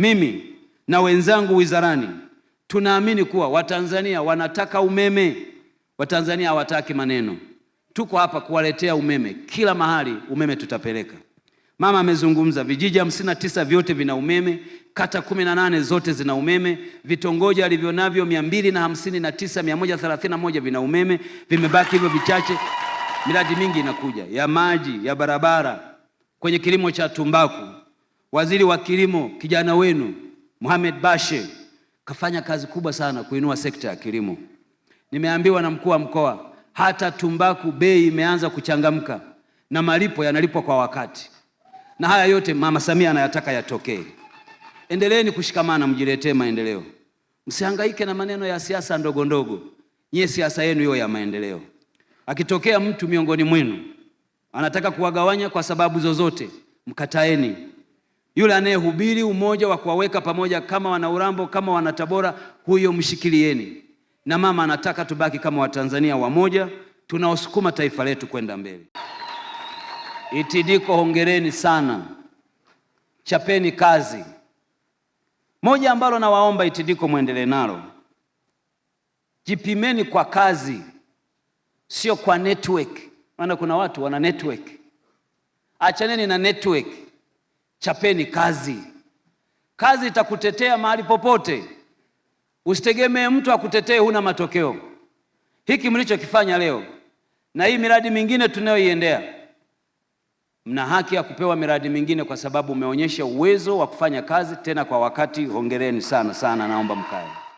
mimi na wenzangu wizarani tunaamini kuwa Watanzania wanataka umeme. Watanzania hawataki maneno, tuko hapa kuwaletea umeme kila mahali. Umeme tutapeleka. Mama amezungumza, vijiji hamsini na tisa vyote vina umeme, kata kumi na nane zote zina umeme, vitongoji alivyo navyo mia mbili na hamsini na tisa mia moja thelathini na moja vina umeme, vimebaki hivyo vichache. Miradi mingi inakuja ya maji, ya barabara, kwenye kilimo cha tumbaku Waziri wa Kilimo kijana wenu Mohamed Bashe kafanya kazi kubwa sana kuinua sekta ya kilimo. Nimeambiwa na mkuu wa mkoa, hata tumbaku bei imeanza kuchangamka na malipo yanalipwa kwa wakati, na haya yote mama Samia anayataka yatokee. Endeleeni kushikamana, mjiletee maendeleo, msihangaike na maneno ya siasa ndogo ndogo. Nyie siasa yenu hiyo ya maendeleo. Akitokea mtu miongoni mwenu anataka kuwagawanya kwa sababu zozote, mkataeni. Yule anayehubiri umoja wa kuwaweka pamoja kama wana Urambo, kama wana Tabora, huyo mshikilieni. Na mama anataka tubaki kama Watanzania wamoja tunaosukuma taifa letu kwenda mbele. Itidiko, hongereni sana, chapeni kazi. Moja ambalo nawaomba Itidiko mwendelee nalo, jipimeni kwa kazi, sio kwa network, maana kuna watu wana network. Achaneni na network. Chapeni kazi. Kazi itakutetea mahali popote. Usitegemee mtu akutetee, huna matokeo. Hiki mlichokifanya leo na hii miradi mingine tunayoiendea, mna haki ya kupewa miradi mingine kwa sababu umeonyesha uwezo wa kufanya kazi tena kwa wakati. Hongereni sana sana, naomba mkae.